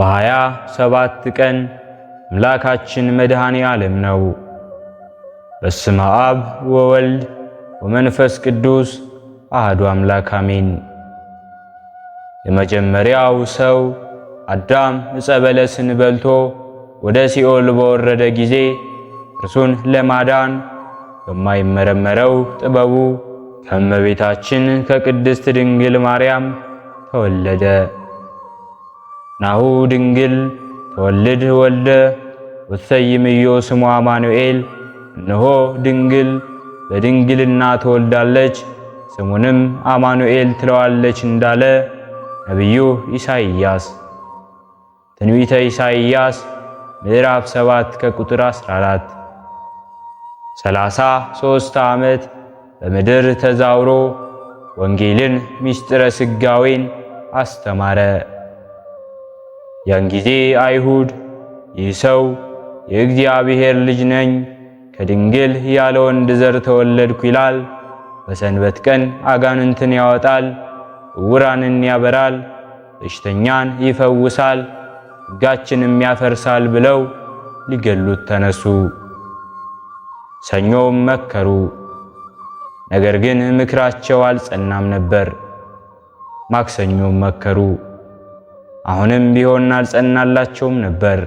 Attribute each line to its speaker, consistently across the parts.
Speaker 1: በሃያ ሰባት ቀን አምላካችን መድኃኔ ዓለም ነው። በስመ አብ ወወልድ ወመንፈስ ቅዱስ አህዱ አምላክ አሜን። የመጀመሪያው ሰው አዳም ዕፀ በለስን በልቶ ወደ ሲኦል በወረደ ጊዜ እርሱን ለማዳን በማይመረመረው ጥበቡ ከእመቤታችን ከቅድስት ድንግል ማርያም ተወለደ። ናሁ ድንግል ተወልድ ወልደ ወትሰይምዮ ስሟ አማኑኤል። እነሆ ድንግል በድንግልና ትወልዳለች ስሙንም አማኑኤል ትለዋለች እንዳለ ነቢዩ ኢሳይያስ። ትንቢተ ኢሳይያስ ምዕራፍ 7 ከቁጥር 14 ሰላሳ ሦስት ዓመት በምድር ተዛውሮ ወንጌልን ምስጢረ ሥጋዌን አስተማረ። ያን ጊዜ አይሁድ ይህ ሰው የእግዚአብሔር ልጅ ነኝ ከድንግል ያለ ወንድ ዘር ተወለድኩ ይላል፣ በሰንበት ቀን አጋንንትን ያወጣል፣ ዕውራንን ያበራል፣ በሽተኛን ይፈውሳል፣ ሕጋችንም ያፈርሳል ብለው ሊገሉት ተነሱ። ሰኞም መከሩ፣ ነገር ግን ምክራቸው አልጸናም ነበር። ማክሰኞም መከሩ አሁንም ቢሆን አልጸናላቸውም ነበር።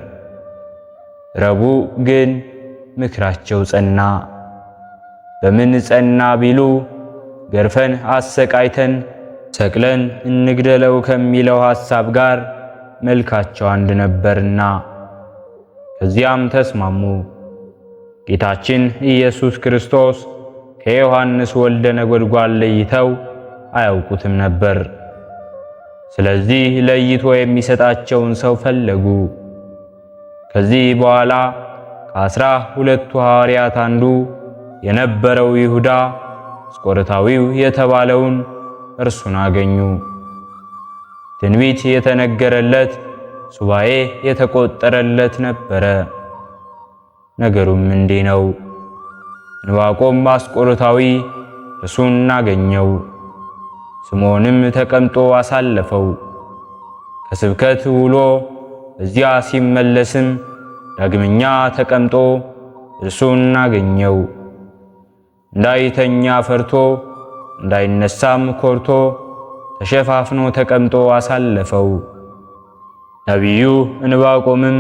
Speaker 1: ረቡዕ ግን ምክራቸው ጸና። በምን ጸና ቢሉ ገርፈን አሰቃይተን ሰቅለን እንግደለው ከሚለው ሐሳብ ጋር መልካቸው አንድ ነበርና፣ ከዚያም ተስማሙ። ጌታችን ኢየሱስ ክርስቶስ ከዮሐንስ ወልደ ነጎድጓድ ለይተው አያውቁትም ነበር። ስለዚህ ለይቶ የሚሰጣቸውን ሰው ፈለጉ። ከዚህ በኋላ ከአስራ ሁለቱ ሐዋርያት አንዱ የነበረው ይሁዳ አስቆሮታዊው የተባለውን እርሱን አገኙ። ትንቢት የተነገረለት ሱባኤ የተቆጠረለት ነበረ። ነገሩም እንዲህ ነው። ዕንባቆም አስቆርታዊ እርሱን አገኘው። ስምዖንም ተቀምጦ አሳለፈው። ከስብከት ውሎ እዚያ ሲመለስም ዳግመኛ ተቀምጦ እርሱን አገኘው። እንዳይተኛ ፈርቶ እንዳይነሳም ኮርቶ ተሸፋፍኖ ተቀምጦ አሳለፈው። ነቢዩ እንባቆምም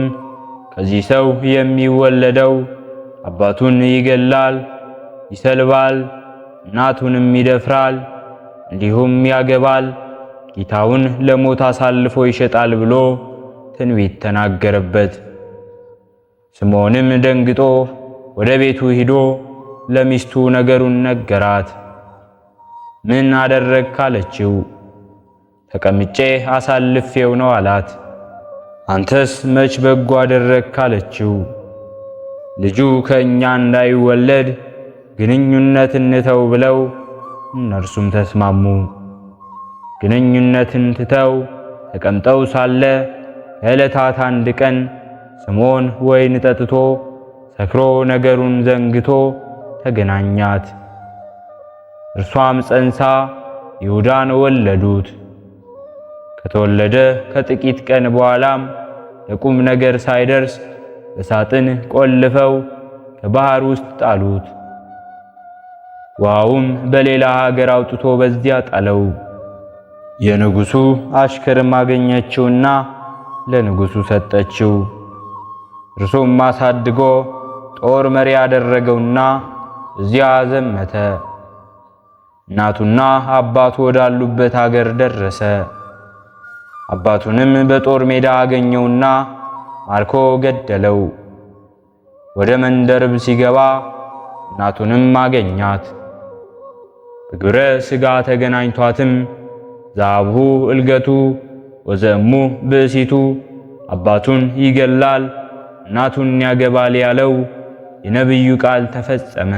Speaker 1: ከዚህ ሰው የሚወለደው አባቱን ይገላል፣ ይሰልባል፣ እናቱንም ይደፍራል እንዲሁም ያገባል፣ ጌታውን ለሞት አሳልፎ ይሸጣል ብሎ ትንቢት ተናገረበት። ስምዖንም ደንግጦ ወደ ቤቱ ሂዶ ለሚስቱ ነገሩን ነገራት። ምን አደረግክ አለችው። ተቀምጬ አሳልፌው ነው አላት። አንተስ መች በጎ አደረግክ አለችው። ልጁ ከእኛ እንዳይወለድ ግንኙነት እንተው ብለው እነርሱም ተስማሙ። ግንኙነትን ትተው ተቀምጠው ሳለ ከዕለታት አንድ ቀን ስምዖን ወይን ጠጥቶ ሰክሮ ነገሩን ዘንግቶ ተገናኛት። እርሷም ጸንሳ ይሁዳን ወለዱት። ከተወለደ ከጥቂት ቀን በኋላም ለቁም ነገር ሳይደርስ በሳጥን ቆልፈው ከባህር ውስጥ ጣሉት። ውሃውም በሌላ ሀገር አውጥቶ በዚያ ጣለው። የንጉሡ አሽከርም አገኘችውና ለንጉሡ ሰጠችው። እርሱም አሳድጎ ጦር መሪ ያደረገውና እዚያ ዘመተ። እናቱና አባቱ ወዳሉበት አገር ደረሰ። አባቱንም በጦር ሜዳ አገኘውና ማርኮ ገደለው። ወደ መንደርም ሲገባ እናቱንም አገኛት። ግብረ ሥጋ ተገናኝቷትም ዛብሁ እልገቱ ወዘሙ ብእሲቱ አባቱን ይገላል እናቱን ያገባል ያለው የነቢዩ ቃል ተፈጸመ።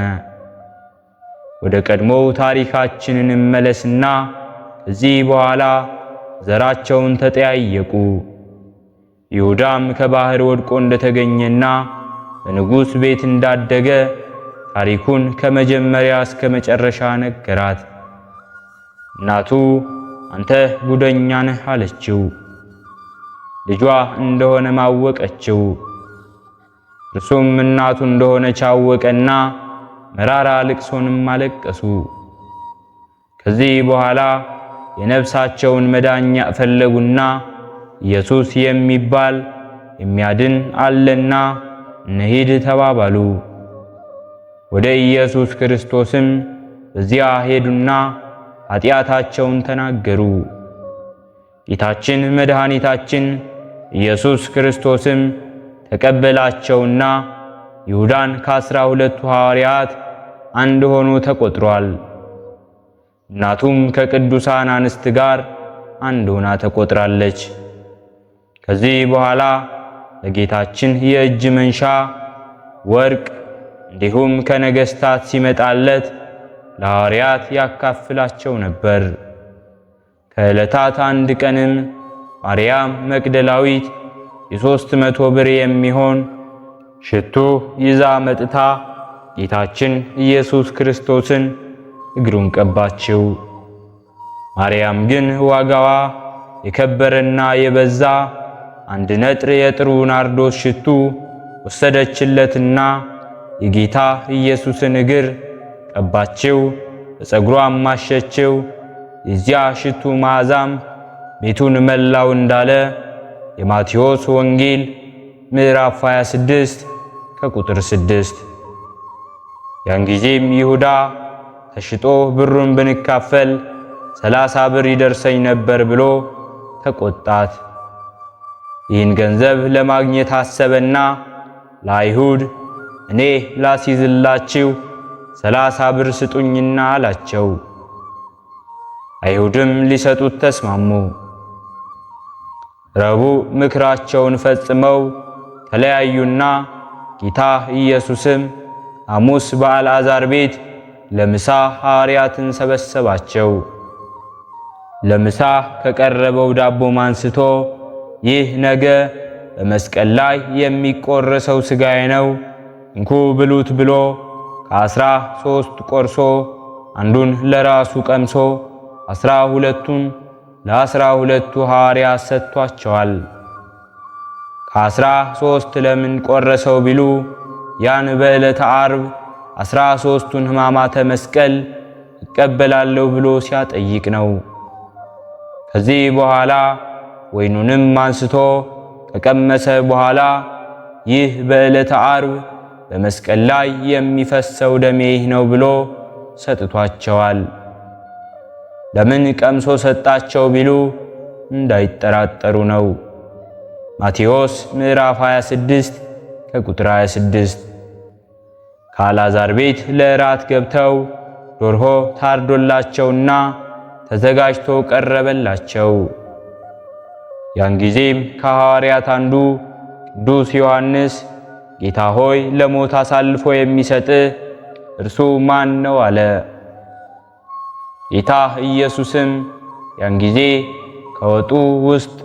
Speaker 1: ወደ ቀድሞው ታሪካችንን መለስና ከዚህ በኋላ ዘራቸውን ተጠያየቁ። ይሁዳም ከባህር ወድቆ እንደተገኘና በንጉሥ ቤት እንዳደገ ታሪኩን ከመጀመሪያ እስከ መጨረሻ ነገራት። እናቱ አንተ ጉደኛ ነህ አለችው። ልጇ እንደሆነ ማወቀችው። እርሱም እናቱ እንደሆነች አወቀና መራራ ልቅሶንም አለቀሱ። ከዚህ በኋላ የነፍሳቸውን መዳኛ ፈለጉና ኢየሱስ የሚባል የሚያድን አለና እንሂድ ተባባሉ። ወደ ኢየሱስ ክርስቶስም በዚያ ሄዱና ኃጢአታቸውን ተናገሩ። ጌታችን መድኃኒታችን ኢየሱስ ክርስቶስም ተቀበላቸውና ይሁዳን ከአስራ ሁለቱ ሐዋርያት አንድ ሆኖ ተቆጥሯል። እናቱም ከቅዱሳን አንስት ጋር አንድ ሆና ተቆጥራለች። ከዚህ በኋላ ለጌታችን የእጅ መንሻ ወርቅ እንዲሁም ከነገሥታት ሲመጣለት ለሐዋርያት ያካፍላቸው ነበር። ከዕለታት አንድ ቀንም ማርያም መቅደላዊት የሦስት መቶ ብር የሚሆን ሽቱ ይዛ መጥታ ጌታችን ኢየሱስ ክርስቶስን እግሩን ቀባችው። ማርያም ግን ዋጋዋ የከበረና የበዛ አንድ ነጥር የጥሩ ናርዶስ ሽቱ ወሰደችለትና የጌታ ኢየሱስን እግር ቀባችው፣ በፀጉሯም ማሸችው። የዚያ ሽቱ መዓዛም ቤቱን መላው እንዳለ የማቴዎስ ወንጌል ምዕራፍ 26 ከቁጥር 6። ያን ጊዜም ይሁዳ ተሽጦ ብሩን ብንካፈል ሰላሳ ብር ይደርሰኝ ነበር ብሎ ተቆጣት። ይህን ገንዘብ ለማግኘት አሰበና ለአይሁድ እኔ ላሲዝላችሁ ሰላሳ ብር ስጡኝና አላቸው። አይሁድም ሊሰጡት ተስማሙ። ረቡዕ ምክራቸውን ፈጽመው ተለያዩና ጌታ ኢየሱስም ሐሙስ በአልዓዛር ቤት ለምሳ ሐዋርያትን ሰበሰባቸው። ለምሳ ከቀረበው ዳቦም አንስቶ ይህ ነገ በመስቀል ላይ የሚቆረሰው ሥጋዬ ነው እንኩ ብሉት ብሎ ከአስራ ሦስት ቆርሶ አንዱን ለራሱ ቀምሶ አስራ ሁለቱን ለአስራ ሁለቱ ሐዋርያት ሰጥቷቸዋል። ከአስራ ሦስት ለምን ቆረሰው ቢሉ ያን በዕለተ ዓርብ አስራ ሦስቱን ሕማማተ መስቀል ይቀበላለሁ ብሎ ሲያጠይቅ ነው። ከዚህ በኋላ ወይኑንም አንስቶ ከቀመሰ በኋላ ይህ በዕለተ ዓርብ በመስቀል ላይ የሚፈሰው ደሜ ይህ ነው ብሎ ሰጥቷቸዋል። ለምን ቀምሶ ሰጣቸው ቢሉ እንዳይጠራጠሩ ነው። ማቴዎስ ምዕራፍ 26 ከቁጥር 26። ከአልዓዛር ቤት ለእራት ገብተው ዶርሆ ታርዶላቸውና ተዘጋጅቶ ቀረበላቸው። ያን ጊዜም ከሐዋርያት አንዱ ቅዱስ ዮሐንስ ጌታ ሆይ ለሞት አሳልፎ የሚሰጥ እርሱ ማን ነው? አለ። ጌታ ኢየሱስም ያን ጊዜ ከወጡ ውስጥ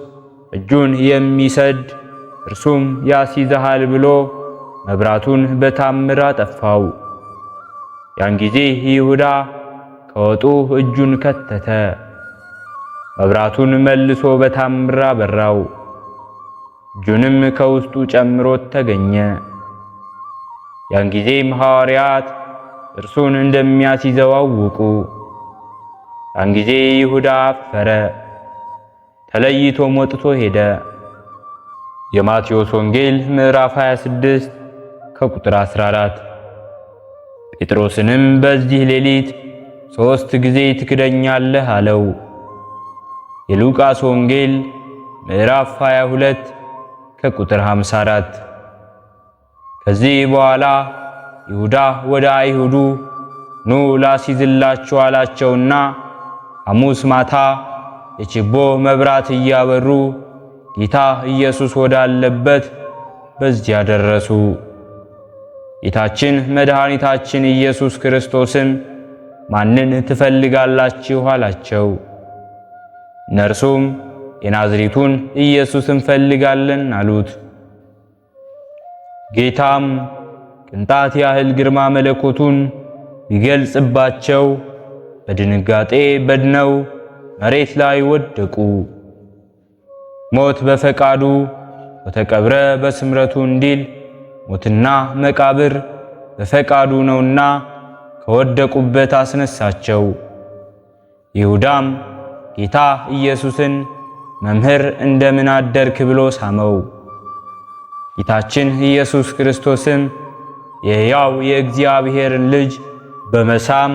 Speaker 1: እጁን የሚሰድ እርሱም ያስይዝሃል ብሎ መብራቱን በታምር አጠፋው። ያን ጊዜ ይሁዳ ከወጡ እጁን ከተተ፣ መብራቱን መልሶ በታምር አበራው። እጁንም ከውስጡ ጨምሮት ተገኘ። ያን ጊዜም ሐዋርያት እርሱን እንደሚያስይዘው አወቁ። ያን ጊዜ ይሁዳ አፈረ፣ ተለይቶም ወጥቶ ሄደ። የማቴዎስ ወንጌል ምዕራፍ 26 ከቁጥር 14። ጴጥሮስንም በዚህ ሌሊት ሦስት ጊዜ ትክደኛለህ አለው። የሉቃስ ወንጌል ምዕራፍ 22 ከቁጥር 54 ከዚህ በኋላ ይሁዳ ወደ አይሁዱ ኑ ላስይዝላችሁ አላቸውና ሐሙስ ማታ የችቦ መብራት እያበሩ ጌታ ኢየሱስ ወዳለበት በዚያ ደረሱ። ጌታችን መድኃኒታችን ኢየሱስ ክርስቶስም ማንን ትፈልጋላችሁ? አላቸው። እነርሱም የናዝሬቱን ኢየሱስ እንፈልጋለን አሉት። ጌታም ቅንጣት ያህል ግርማ መለኮቱን ይገልጽባቸው በድንጋጤ በድነው መሬት ላይ ወደቁ። ሞት በፈቃዱ ወተቀብረ በስምረቱ እንዲል ሞትና መቃብር በፈቃዱ ነውና ከወደቁበት አስነሳቸው። ይሁዳም ጌታ ኢየሱስን መምህር እንደምን አደርክ ብሎ ሳመው። ጌታችን ኢየሱስ ክርስቶስም የሕያው የእግዚአብሔርን ልጅ በመሳም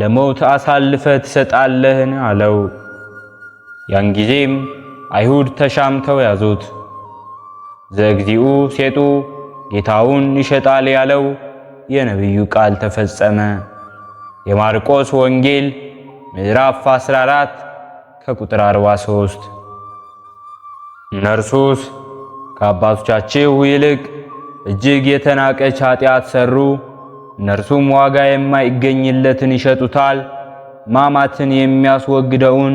Speaker 1: ለሞት አሳልፈ ትሰጣለህን? አለው። ያን ጊዜም አይሁድ ተሻምተው ያዙት። ዘእግዚኡ ሴጡ ጌታውን ይሸጣል ያለው የነቢዩ ቃል ተፈጸመ። የማርቆስ ወንጌል ምዕራፍ 14 ከቁጥር 43 እነርሱስ ከአባቶቻችሁ ይልቅ እጅግ የተናቀች ኃጢአት ሰሩ። እነርሱም ዋጋ የማይገኝለትን ይሸጡታል፣ ማማትን የሚያስወግደውን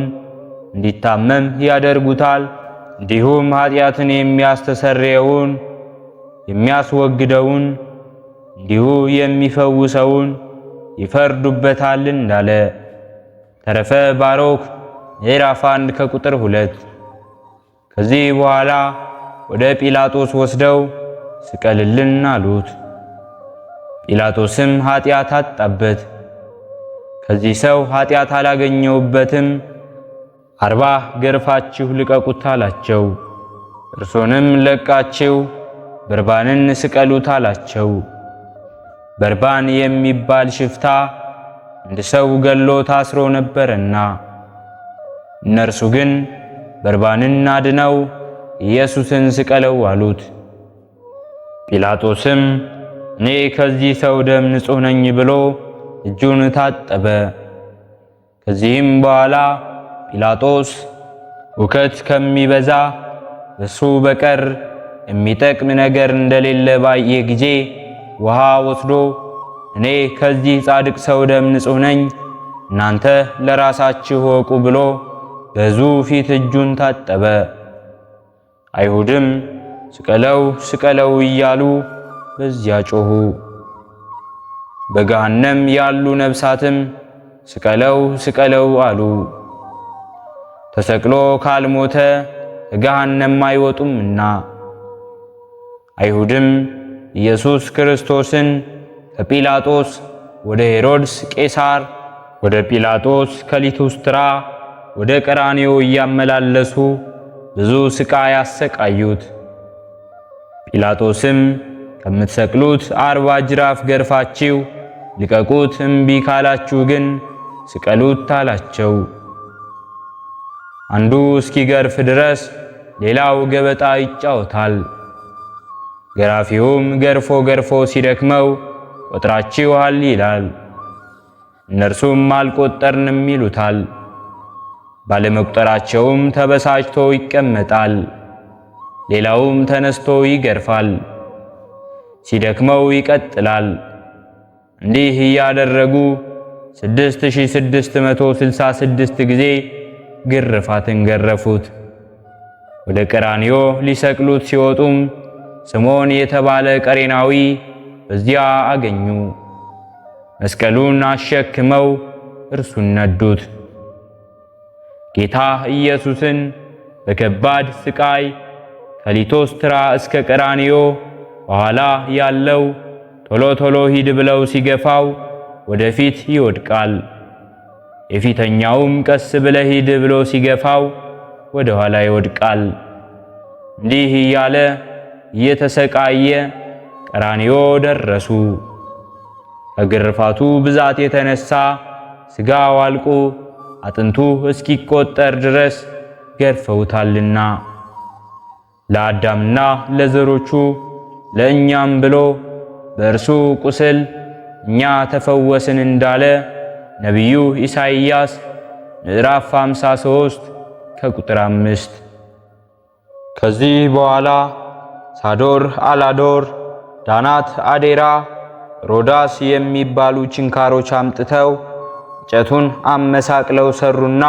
Speaker 1: እንዲታመም ያደርጉታል። እንዲሁም ኃጢአትን የሚያስተሰርየውን የሚያስወግደውን እንዲሁ የሚፈውሰውን ይፈርዱበታል እንዳለ። ተረፈ ባሮክ ምዕራፍ አንድ ከቁጥር 2 ከዚህ በኋላ ወደ ጲላጦስ ወስደው ስቀልልን አሉት። ጲላጦስም ኃጢአት አጣበት። ከዚህ ሰው ኃጢአት አላገኘውበትም፣ አርባ ገርፋችሁ ልቀቁት አላቸው። እርሶንም ለቃችሁ በርባንን ስቀሉት አላቸው። በርባን የሚባል ሽፍታ አንድ ሰው ገሎ ታስሮ ነበረና እነርሱ ግን በርባንን አድነው ኢየሱስን ስቀለው አሉት። ጲላጦስም እኔ ከዚህ ሰው ደም ንጹሕ ነኝ ብሎ እጁን ታጠበ። ከዚህም በኋላ ጲላጦስ ሁከት ከሚበዛ እሱ በቀር የሚጠቅም ነገር እንደሌለ ባየ ጊዜ ውሃ ወስዶ እኔ ከዚህ ጻድቅ ሰው ደም ንጹሕ ነኝ፣ እናንተ ለራሳችሁ ወቁ ብሎ በሕዝቡ ፊት እጁን ታጠበ። አይሁድም ስቀለው ስቀለው እያሉ በዚያ ጮኹ። በገሃነም ያሉ ነብሳትም ስቀለው ስቀለው አሉ። ተሰቅሎ ካልሞተ ከገሃነም አይወጡምና። አይሁድም ኢየሱስ ክርስቶስን ከጲላጦስ ወደ ሄሮድስ ቄሳር፣ ወደ ጲላጦስ ከሊቱስትራ ወደ ቀራኔው እያመላለሱ ብዙ ስቃ አሰቃዩት። ጲላጦስም ከምትሰቅሉት አርባ ጅራፍ ገርፋችሁ ልቀቁት፣ እምቢ ካላችሁ ግን ስቀሉት አላቸው። አንዱ እስኪገርፍ ድረስ ሌላው ገበጣ ይጫወታል። ገራፊውም ገርፎ ገርፎ ሲደክመው ቆጥራችኋል ይላል። እነርሱም አልቆጠርንም ይሉታል። ባለመቁጠራቸውም ተበሳጭቶ ይቀመጣል። ሌላውም ተነስቶ ይገርፋል፣ ሲደክመው ይቀጥላል። እንዲህ እያደረጉ 6666 ጊዜ ግርፋትን ገረፉት። ወደ ቀራንዮ ሊሰቅሉት ሲወጡም ስምዖን የተባለ ቀሬናዊ በዚያ አገኙ። መስቀሉን አሸክመው እርሱን ነዱት። ጌታ ኢየሱስን በከባድ ስቃይ ከሊቶስትራ እስከ ቀራንዮ በኋላ ያለው ቶሎ ቶሎ ሂድ ብለው ሲገፋው ወደፊት ይወድቃል። የፊተኛውም ቀስ ብለ ሂድ ብሎ ሲገፋው ወደ ኋላ ይወድቃል። እንዲህ እያለ እየተሰቃየ ቀራንዮ ደረሱ። ከግርፋቱ ብዛት የተነሳ ስጋ አልቆ አጥንቱ እስኪቆጠር ድረስ ገርፈውታልና ለአዳምና ለዘሮቹ ለእኛም ብሎ በእርሱ ቁስል እኛ ተፈወስን እንዳለ ነቢዩ ኢሳይያስ ምዕራፍ 53 ከቁጥር 5። ከዚህ በኋላ ሳዶር አላዶር፣ ዳናት፣ አዴራ፣ ሮዳስ የሚባሉ ችንካሮች አምጥተው እንጨቱን አመሳቅለው ሰሩና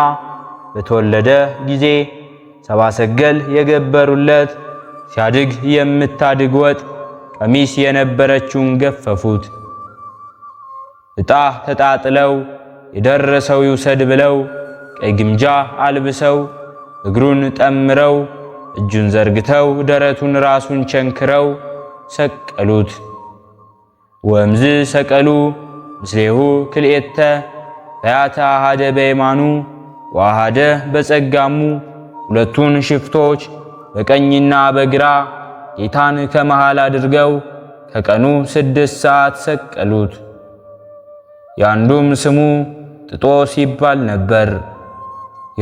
Speaker 1: በተወለደ ጊዜ ሰባሰገል የገበሩለት ሲያድግ የምታድግ ወጥ ቀሚስ የነበረችውን ገፈፉት። ዕጣ ተጣጥለው የደረሰው ይውሰድ ብለው ቀይ ግምጃ አልብሰው እግሩን ጠምረው እጁን ዘርግተው ደረቱን ራሱን ቸንክረው ሰቀሉት። ወእምዝ ሰቀሉ ምስሌሁ ክልኤተ ፈያታ አሃደ በየማኑ ወአሃደ በጸጋሙ ሁለቱን ሽፍቶች በቀኝና በግራ ጌታን ከመሃል አድርገው ከቀኑ ስድስት ሰዓት ሰቀሉት። የአንዱም ስሙ ጥጦስ ይባል ነበር፣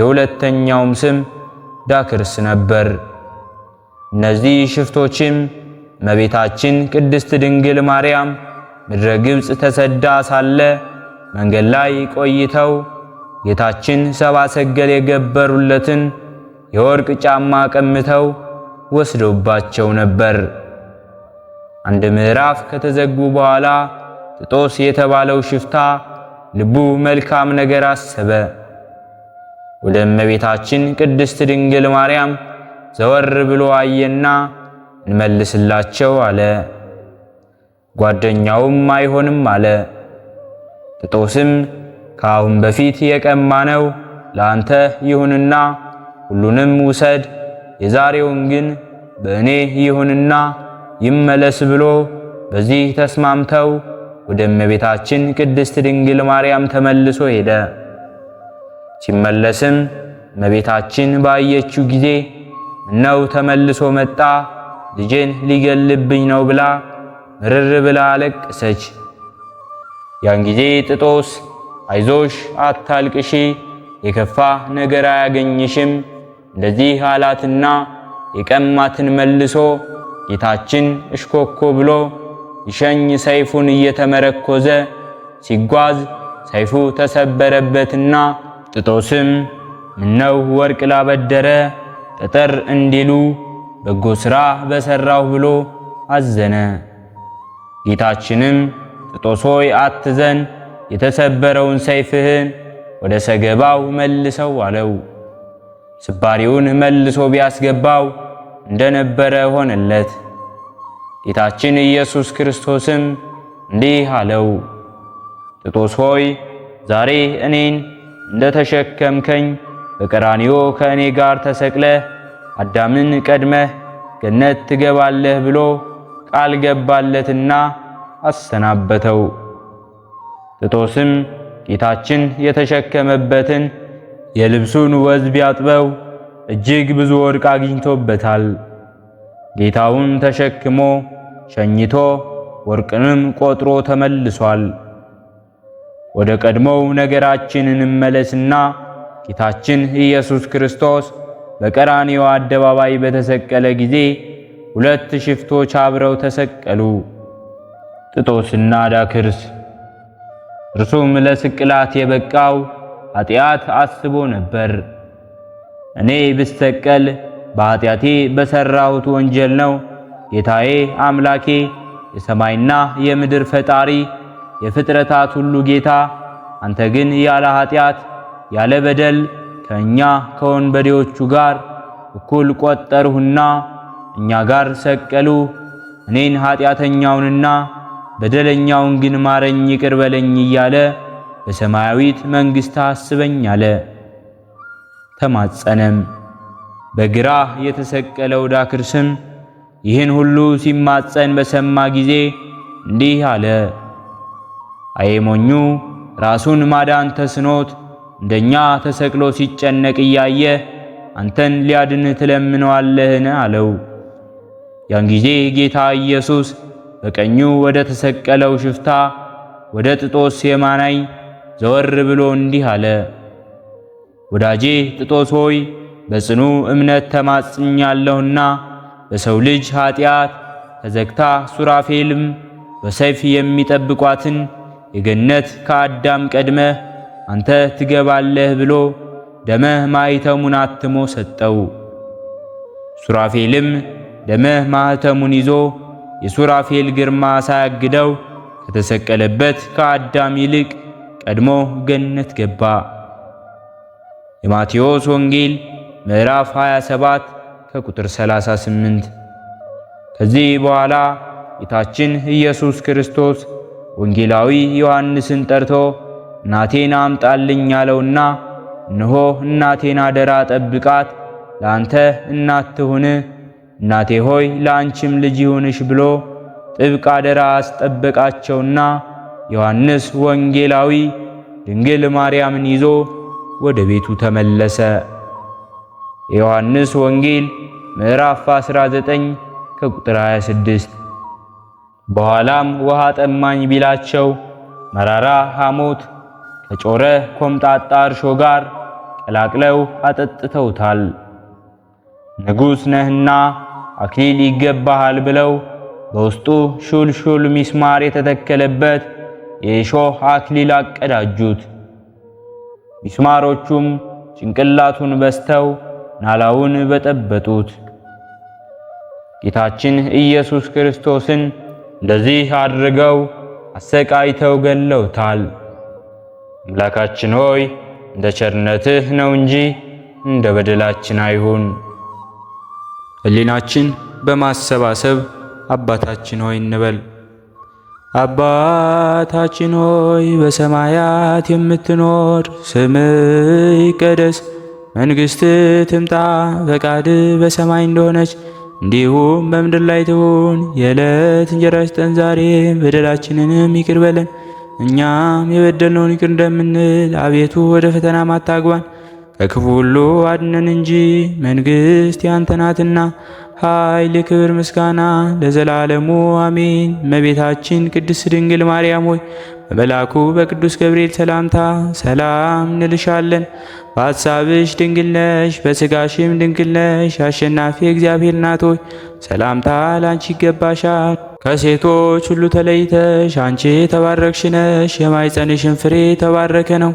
Speaker 1: የሁለተኛውም ስም ዳክርስ ነበር። እነዚህ ሽፍቶችም እመቤታችን ቅድስት ድንግል ማርያም ምድረ ግብፅ ተሰዳ ሳለ መንገድ ላይ ቆይተው ጌታችን ሰብአ ሰገል የገበሩለትን የወርቅ ጫማ ቀምተው ወስዶባቸው ነበር። አንድ ምዕራፍ ከተዘጉ በኋላ ጥጦስ የተባለው ሽፍታ ልቡ መልካም ነገር አሰበ። ወደ እመቤታችን ቅድስት ድንግል ማርያም ዘወር ብሎ አየና እንመልስላቸው አለ። ጓደኛውም አይሆንም አለ። ጥጦስም ከአሁን በፊት የቀማነው ለአንተ ይሁንና ሁሉንም ውሰድ፣ የዛሬውን ግን በእኔ ይሁንና ይመለስ ብሎ በዚህ ተስማምተው ወደ እመቤታችን ቅድስት ድንግል ማርያም ተመልሶ ሄደ። ሲመለስም እመቤታችን ባየችው ጊዜ እነው ተመልሶ መጣ፣ ልጄን ሊገልብኝ ነው ብላ ምርር ብላ አለቀሰች። ያን ጊዜ ጥጦስ አይዞሽ፣ አታልቅሺ፣ የከፋ ነገር አያገኝሽም እንደዚህ አላትና የቀማትን መልሶ ጌታችን እሽኮኮ ብሎ ይሸኝ ሰይፉን እየተመረኮዘ ሲጓዝ ሰይፉ ተሰበረበትና ጥጦስም ምነው ወርቅ ላበደረ ጠጠር እንዲሉ በጎ ሥራ በሠራሁ ብሎ አዘነ። ጌታችንም ጥጦስ ሆይ አትዘን፣ የተሰበረውን ሰይፍህን ወደ ሰገባው መልሰው አለው። ስባሪውን መልሶ ቢያስገባው እንደነበረ ሆነለት። ጌታችን ኢየሱስ ክርስቶስም እንዲህ አለው፣ ጥጦስ ሆይ ዛሬ እኔን እንደ ተሸከምከኝ በቀራንዮ ከእኔ ጋር ተሰቅለህ አዳምን ቀድመህ ገነት ትገባለህ ብሎ ቃል ገባለትና አሰናበተው። ጥጦስም ጌታችን የተሸከመበትን የልብሱን ወዝ ቢያጥበው እጅግ ብዙ ወርቅ አግኝቶበታል። ጌታውን ተሸክሞ ሸኝቶ ወርቅንም ቆጥሮ ተመልሷል። ወደ ቀድሞው ነገራችን እንመለስና ጌታችን ኢየሱስ ክርስቶስ በቀራንዮ አደባባይ በተሰቀለ ጊዜ ሁለት ሽፍቶች አብረው ተሰቀሉ። ጥጦስና ዳክርስ። እርሱም ለስቅላት የበቃው ኃጢአት አስቦ ነበር። እኔ ብሰቀል በኃጢአቴ በሠራሁት ወንጀል ነው። ጌታዬ አምላኬ፣ የሰማይና የምድር ፈጣሪ፣ የፍጥረታት ሁሉ ጌታ፣ አንተ ግን ያለ ኃጢአት ያለ በደል ከእኛ ከወንበዴዎቹ ጋር እኩል ቆጠርሁና እኛ ጋር ሰቀሉ እኔን ኃጢአተኛውንና በደለኛውን ግን ማረኝ ይቅር በለኝ እያለ በሰማያዊት መንግሥት አስበኝ አለ። ተማጸነም። በግራህ የተሰቀለው ዳክርስም ይህን ሁሉ ሲማጸን በሰማ ጊዜ እንዲህ አለ። አየሞኙ ራሱን ማዳን ተስኖት እንደኛ ተሰቅሎ ሲጨነቅ እያየ አንተን ሊያድንህ ትለምነዋለህን? አለው። ያን ጊዜ ጌታ ኢየሱስ በቀኙ ወደ ተሰቀለው ሽፍታ ወደ ጥጦስ የማናይ ዘወር ብሎ እንዲህ አለ። ወዳጄ ጥጦስ ሆይ በጽኑ እምነት ተማጽኛለሁና በሰው ልጅ ኀጢአት ተዘግታ ሱራፌልም በሰይፍ የሚጠብቋትን የገነት ከአዳም ቀድመህ አንተ ትገባለህ ብሎ ደመህ ማኅተሙን አትሞ ሰጠው። ሱራፌልም ደመ ማኅተሙን ይዞ የሱራፌል ግርማ ሳያግደው ከተሰቀለበት ከአዳም ይልቅ ቀድሞ ገነት ገባ። የማቴዎስ ወንጌል ምዕራፍ 27 ከቁጥር 38። ከዚህ በኋላ ጌታችን ኢየሱስ ክርስቶስ ወንጌላዊ ዮሐንስን ጠርቶ እናቴን አምጣልኝ ያለውና እነሆ እናቴን አደራ ጠብቃት፣ ለአንተ እናት ትሁን እናቴ ሆይ ለአንቺም ልጅ ይሁንሽ ብሎ ጥብቅ አደራ አስጠበቃቸውና ዮሐንስ ወንጌላዊ ድንግል ማርያምን ይዞ ወደ ቤቱ ተመለሰ። የዮሐንስ ወንጌል ምዕራፍ 19 ከቁጥር 26። በኋላም ውሃ ጠማኝ ቢላቸው መራራ ሐሞት ከጮረ ኮምጣጣ እርሾ ጋር ቀላቅለው አጠጥተውታል። ንጉሥ ነህና አክሊል ይገባሃል ብለው በውስጡ ሹልሹል ሚስማር የተተከለበት የእሾህ አክሊል አቀዳጁት። ሚስማሮቹም ጭንቅላቱን በስተው ናላውን በጠበጡት። ጌታችን ኢየሱስ ክርስቶስን እንደዚህ አድርገው አሰቃይተው ገለውታል። አምላካችን ሆይ እንደ ቸርነትህ ነው እንጂ እንደ በደላችን አይሁን። ህሊናችን በማሰባሰብ አባታችን ሆይ እንበል።
Speaker 2: አባታችን ሆይ በሰማያት የምትኖር፣ ስም ይቀደስ፣ መንግሥት ትምጣ፣ ፈቃድ በሰማይ እንደሆነች እንዲሁም በምድር ላይ ትሁን። የዕለት እንጀራችንን ስጠን ዛሬ፣ በደላችንንም ይቅር በለን እኛም የበደልነውን ይቅር እንደምንል፣ አቤቱ ወደ ፈተና ማታግባን ከክፉ ሁሉ አድነን እንጂ መንግስት ያንተ ናትና ኃይል፣ ክብር፣ ምስጋና ለዘላለሙ አሜን። እመቤታችን ቅድስት ድንግል ማርያም ሆይ በመልአኩ በቅዱስ ገብርኤል ሰላምታ ሰላም እንልሻለን። በሐሳብሽ ድንግል ነሽ፣ በስጋሽም ድንግል ነሽ። አሸናፊ እግዚአብሔር ናት ሆይ ሰላምታ ላንቺ ይገባሻል። ከሴቶች ሁሉ ተለይተሽ አንቺ የተባረክሽ ነሽ፣ የማኅፀንሽን ፍሬ የተባረከ ነው።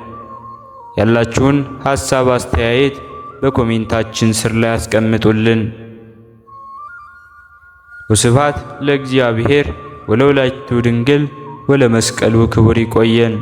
Speaker 2: ያላችሁን ሐሳብ አስተያየት በኮሜንታችን ስር ላይ አስቀምጡልን። ወስብሐት ለእግዚአብሔር ወለወላዲቱ ድንግል ወለመስቀሉ ክቡር። ይቆየን።